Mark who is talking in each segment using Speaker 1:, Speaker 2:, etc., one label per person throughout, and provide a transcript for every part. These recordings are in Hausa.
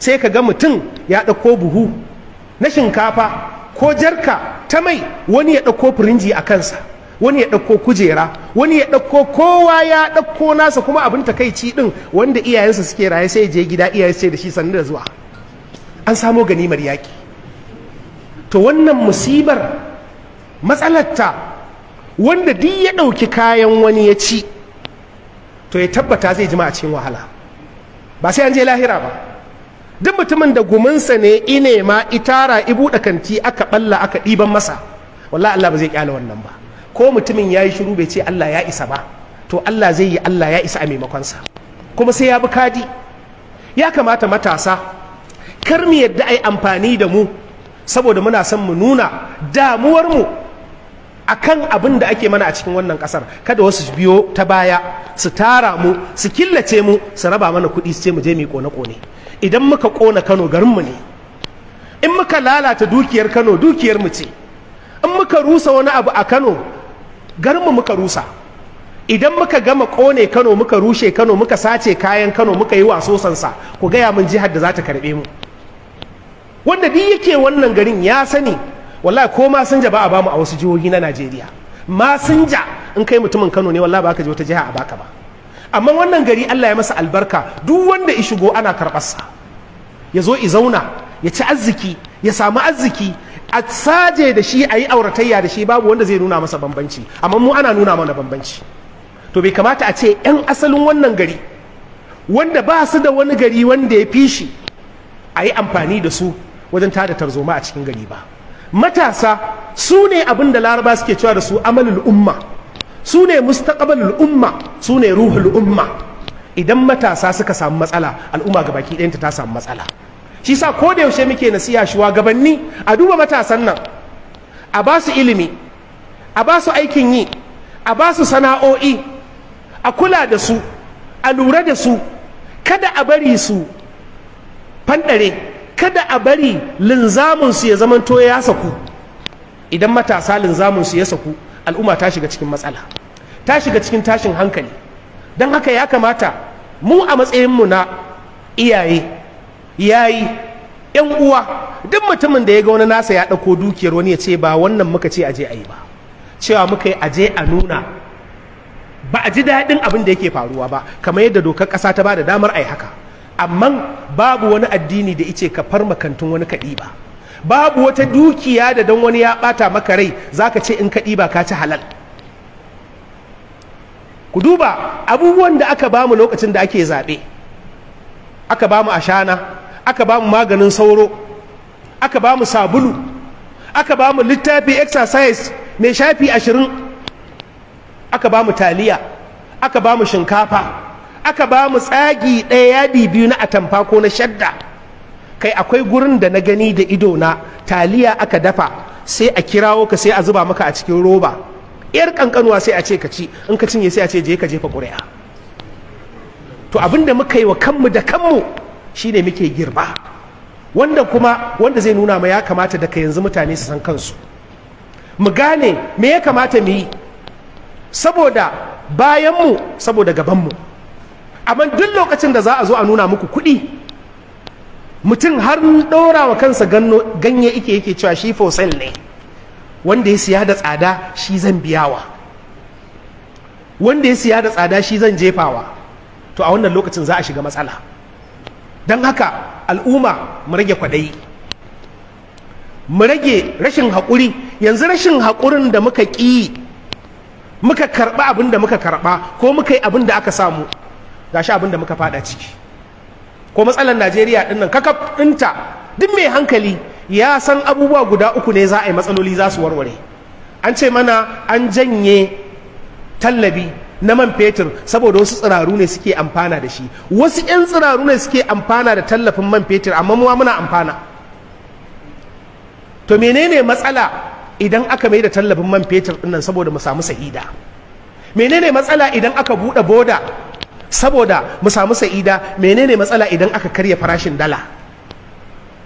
Speaker 1: sai ka ga mutum ya ɗauko buhu na shinkafa ko jarka ta mai wani ya ɗauko firinji a kansa wani ya ɗauko kujera wani ya ɗauko kowa ya ɗauko nasa kuma abin takaici ɗin wanda iyayensa suke raye sai je gida iyaye ce da shi sannu da zuwa an samo ganimar yaƙi to wannan musibar matsalarta wanda duk ya ɗauki kayan wani ya ci to ya tabbata zai jima a cikin wahala ba sai an je lahira ba duk mutumin da guminsa ne ine ma itara ibu kanti aka balla aka ɗiban masa wallahi Allah ba zai kyale wannan ba ko mutumin ya yi shiru bai ce Allah ya isa ba to Allah zai yi Allah ya isa a maimakon sa kuma sai ya bi kadi ya kamata matasa kar mu yadda ai amfani da mu saboda muna son mu nuna damuwar mu akan abin da ake mana a cikin wannan kasar kada wasu biyo ta baya su tara mu su killace mu su raba mana kuɗi su ce mu je mu kone kone idan muka kona kano garinmu ne in muka lalata dukiyar kano dukiyarmu ce in muka rusa wani abu a kano garinmu muka rusa idan muka gama kone kano muka rushe kano muka sace kayan kano muka yi wasosansa ku gaya min jihar da za ta karɓe mu wanda duk yake wannan garin ya sani wallahi ko masinja ba a bamu a wasu jihohi na najeriya masinja in kai mutumin kano ne wallahi ba ka je wata jiha a baka ba amma wannan gari allah ya masa albarka duk wanda ya shigo ana karɓarsa ya zo zauna ya ci arziki ya samu arziki a saje da shi a yi auratayya da shi babu wanda zai nuna masa bambanci amma mu ana nuna mana bambanci to bai kamata a ce 'yan asalin wannan gari wanda ba su da wani gari wanda ya fi shi a yi amfani da su wajen tada tarzoma a cikin gari ba matasa su ne abin da laraba suke cewa da su amalul umma su ne mustaqabalul umma su ne ruhul umma idan matasa suka samu matsala al'umma ga baki ɗayanta ta samu matsala shi sa ko da yaushe muke nasiya shuwa gabanni? a duba matasan nan a ba su ilimi a ba su aikin yi a ba su sana'o'i a kula da su a lura da su kada a bari su fanɗare kada a bari linzaminsu ya to ya saku idan matasa su ya saku al'umma ta shiga cikin matsala ta shiga cikin tashin hankali don haka ya kamata mu a matsayinmu na iyaye yayi yan uwa duk mutumin da ya ga wani nasa ya ɗauko dukiyar wani ya ce ba wannan muka ce aje a yi ba cewa muka yi aje a nuna ba a ji daɗin abin da yake faruwa ba kamar yadda dokar ƙasa ta ba da damar a yi haka amma babu wani addini da ice ka farma kantin wani kaɗi ba babu wata dukiya da don wani ya ɓata maka rai zaka ce in kaɗi ba ka ci halal ku duba abubuwan da aka bamu lokacin da ake zaɓe aka bamu ashana aka bamu maganin sauro aka bamu sabulu aka bamu littafi exercise mai shafi ashirin aka bamu taliya aka bamu shinkafa aka bamu tsagi ɗaya yadi biyu na atamfa ko na shadda kai akwai gurin da na gani da ido na taliya aka dafa sai a kirawo ka sai a zuba maka a cikin roba yar kankanuwa sai a ce ka ci in ka cinye sai a ce je ka jefa ƙuri'a to abin da muka yi wa kanmu da kanmu shine muke girba wanda kuma wanda zai nuna ma ya kamata daga yanzu mutane su san kansu mu gane me ya kamata mu yi saboda bayanmu saboda gabanmu amma duk lokacin da za a zo a nuna muku kuɗi mutum har ɗora wa kansa ganye ike yake cewa shi fossil ne wanda ya siya da tsada shi zan biyawa wanda ya siya da tsada shi zan jefawa to a wannan lokacin za a shiga matsala don haka al'umma mu rage kwaɗayi mu rage rashin haƙuri yanzu rashin haƙurin da muka ƙi muka karɓa abin da muka karɓa ko muka yi abin da aka samu gashi abin da muka faɗa ciki ko matsalar najeriya ɗinnan kakaf ɗinta duk mai hankali ya san abubuwa guda uku ne za a yi matsaloli za su warware an ce mana an janye tallabi na man fetur saboda wasu tsiraru ne suke amfana da shi wasu 'yan tsiraru ne suke amfana da tallafin man fetur amma muwa muna amfana to menene matsala idan aka mai da tallafin man fetur dinnan saboda mu samu sa'ida menene matsala idan aka buɗe boda saboda mu samu sa'ida menene matsala idan aka karya farashin dala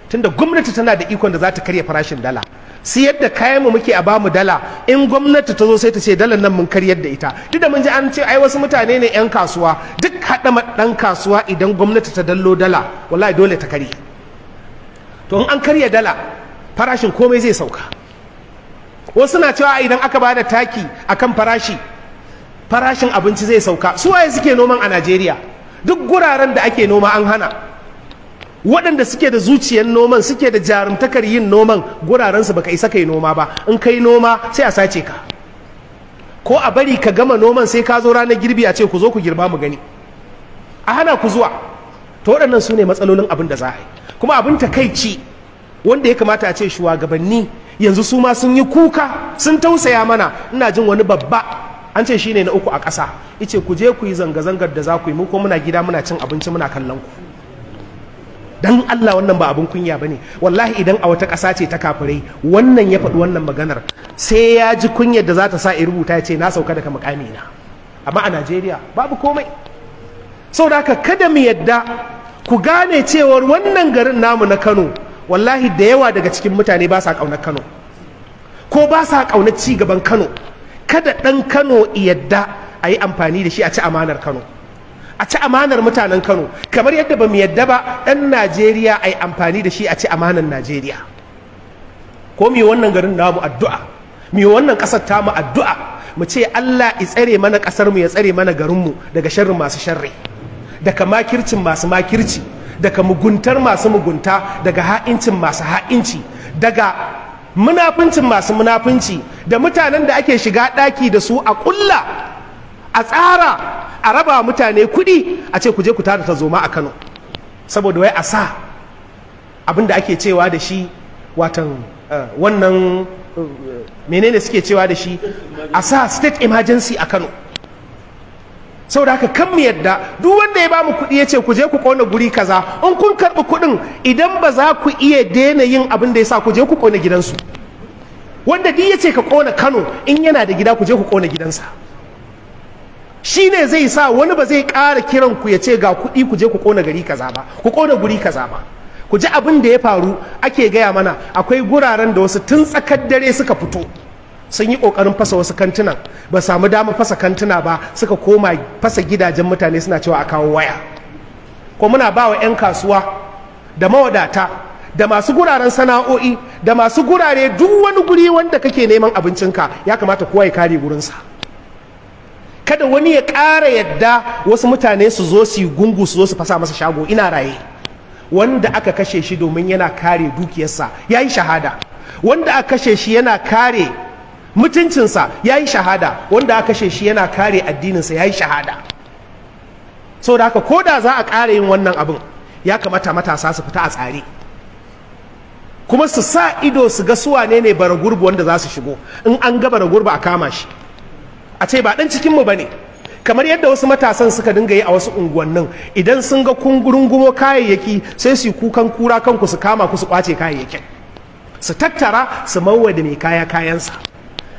Speaker 1: tunda gwamnati tana da ikon da za ta karya farashin dala siyar yadda kayan mu muke a bamu dala in gwamnati ta zo sai ta ce dalar nan mun karyar da ita duk da mun ji an ce ai wasu mutane ne yan kasuwa duk haɗa ɗan kasuwa idan gwamnati ta dallo dala wallahi dole ta karye to in an karya dala farashin komai zai sauka wasu na cewa idan aka bada taki akan farashi farashin abinci zai sauka su waye suke noman a Najeriya duk guraren da ake noma an hana waɗanda suke da zuciyar noman suke da jarumtakar yin noman gurarensu baka isa kai noma ba in kai noma sai a sace ka ko a bari ka gama noman sai ka zo ranar girbi a ce ku zo ku girba mu gani a hana ku zuwa to waɗannan su ne matsalolin abin da za a yi kuma abin takaici wanda ya kamata a ce shugabanni yanzu su ma sun yi kuka sun tausaya mana ina jin wani babba an ce shine na uku a ƙasa ice ku je ku yi zanga-zangar da za ku yi mu ko muna gida muna cin abinci muna kallon ku dan Allah wannan ba abin kunya bane wallahi idan a wata ƙasa ce ta kafirai wannan ya faɗi wannan maganar sai ya ji kunyar da za ta sa iri rubuta ya ce na sauka daga mukami na amma a Najeriya babu komai da ka kada mu yadda ku gane cewar wannan garin namu na Kano wallahi da yawa daga cikin mutane ba sa ƙaunar Kano ko ba sa ƙaunar ci gaban Kano kada ɗan Kano yadda a yi amfani da shi a ci amanar Kano a ci amanar mutanen kano kamar yadda ba mu yadda ba ɗan najeriya a yi amfani da shi a ci amanar najeriya ko mu wannan garin namu addu'a mu yi wannan ƙasar ta mu addu'a mu ce allah ya tsare mana ƙasar mu ya tsare mana garinmu daga sharrin masu sharri daga makircin masu makirci daga muguntar masu mugunta daga ha'incin masu ha'inci daga munafincin masu munafinci da mutanen da ake shiga ɗaki da su a ƙulla a tsara a raba mutane kuɗi a ce ku je ku tada zoma a Kano saboda wai a sa abin da ake cewa da shi watan eh, wannan eh, menene suke cewa da shi a sa state emergency a Kano sau haka kan mu yadda duk wanda ya bamu kuɗi ya ce ku je ku ƙona guri kaza in kun karɓi kuɗin idan ba za ku iya daina yin abin da ya sa ku je ku ƙona gidansu wanda duk ya ce ka ƙona kano in yana da gida ku je ku ƙona gidansa Shi ne zai sa wani ba zai ƙara kiran ku ya ce ga kuɗi ku je ku ƙona gari kaza ba ku ƙona guri ka ba ku ji abin da ya faru ake gaya mana akwai guraren da wasu tun tsakar dare suka fito sun yi ƙoƙarin fasa wasu kantunan ba samu dama fasa kantuna ba suka koma fasa gidajen mutane suna cewa a kawo waya ko muna ba wa 'yan kasuwa da mawadata da masu guraren sana'o'i da masu gurare duk wani guri wanda kake neman abincinka ya kamata kowa ya kare gurinsa kada wani ya ƙara yadda wasu mutane su zo su yi gungu su zo su fasa masa shago ina raye wanda aka kashe shi domin yana kare dukiyarsa ya yi shahada wanda aka kashe shi yana kare mutuncinsa ya yi shahada wanda aka kashe shi yana kare addininsa ya yi shahada sau da haka ko da za a ƙara yin wannan abin ya kamata matasa su fita a tsare kuma su sa ido su ga su ne bara gurbu wanda za su shigo in an ga bara gurbu a kama shi a ce ba dan cikin mu bane kamar yadda wasu matasan suka dinga yi a wasu unguwannin idan sun ga kun rungumo kayayyaki sai su kukan kura kanku su kama ku su kwace kayayyakin su tattara su mawa da mai kaya kayansa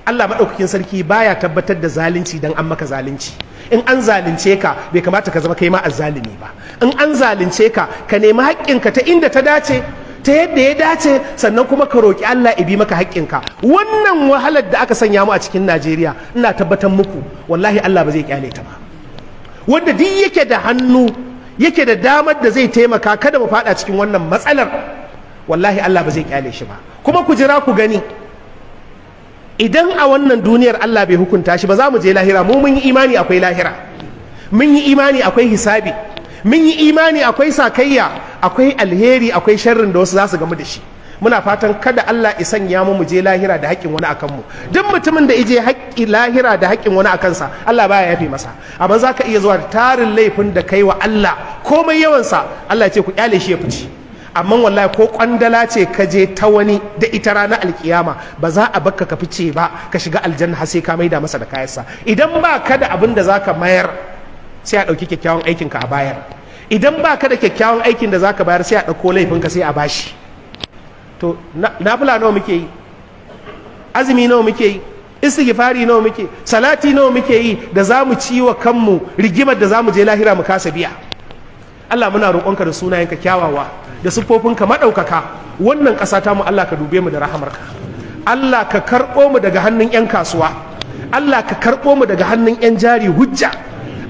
Speaker 1: Allah maɗaukakin sarki baya tabbatar da zalunci dan an maka zalunci in an zalunce ka bai kamata ka zama kai ma azzalumi ba in an zalunce ka ka nemi haƙƙinka ta inda ta dace ta yadda ya dace sannan kuma ka roƙi Allah ibi maka haƙƙinka wannan wahalar da aka sanya mu a cikin Najeriya ina tabbatar muku wallahi Allah ba zai kyale ta ba wanda duk yake da hannu yake da damar da zai taimaka kada mu faɗa cikin wannan matsalar wallahi Allah ba zai kyale shi ba kuma ku jira ku gani idan a wannan duniyar Allah bai hukunta shi ba za mu je lahira mu mun yi imani akwai lahira mun yi imani akwai hisabi mun yi imani akwai sakayya akwai alheri akwai sharrin da wasu za su gamu da shi muna fatan kada Allah ya sanya mu je lahira da haƙƙin wani akan mu duk mutumin da ije haƙƙi lahira da haƙƙin wani akan sa Allah baya yafe masa amma zaka iya zuwa da tarin laifin da kai wa Allah komai yawansa Allah ya ce ku kyale shi ya fice amma wallahi ko kwandala ce ka je ta wani da ita ranar alkiyama ba za a bakka ka fice ba ka shiga aljanna har sai ka maida masa da kayansa idan ba ka da abin da za ka mayar sai a ɗauki kyakkyawan aikin ka a bayar idan ba ka da kyakkyawan aikin da zaka bayar sai a ɗauko laifinka sai a bashi to nafula nawa muke yi azumi nawa muke yi istighfari nawa muke salati nawa muke yi da za mu ci wa kanmu rigimar da za mu je lahira mu kasa biya Allah muna roƙonka da sunayenka kyawawa da siffofinka maɗaukaka wannan ƙasa ta mu Allah ka dube mu da rahamarka Allah ka karɓo mu daga hannun 'yan kasuwa Allah ka karɓo mu daga hannun 'yan jari hujja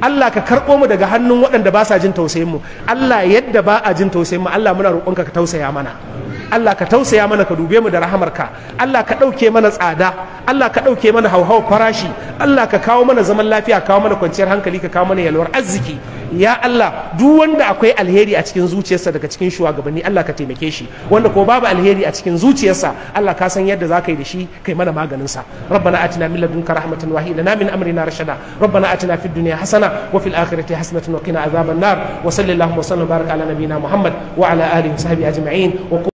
Speaker 1: Allah ka karɓo mu daga hannun waɗanda ba sa jin tausayin mu Allah yadda ba a jin tausayin mu Allah muna roƙonka ka tausaya mana Allah ka tausaya mana ka dube mu da rahamarka Allah ka ɗauke mana tsada Allah ka ɗauke mana hauhawar farashi Allah ka kawo mana zaman lafiya kawo mana kwanciyar hankali ka kawo mana yalwar arziki ya Allah duk wanda akwai alheri a cikin zuciyarsa daga cikin shugabanni Allah ka taimake shi wanda ko babu alheri a cikin zuciyarsa Allah ka san yadda za ka yi da shi kai mana maganin sa rabbana atina min ladunka rahmatan wa hilana min amrina rashada rabbana atina fid dunya hasana wa fil akhirati hasanatan wa qina azaban nar wa sallallahu wa sallam baraka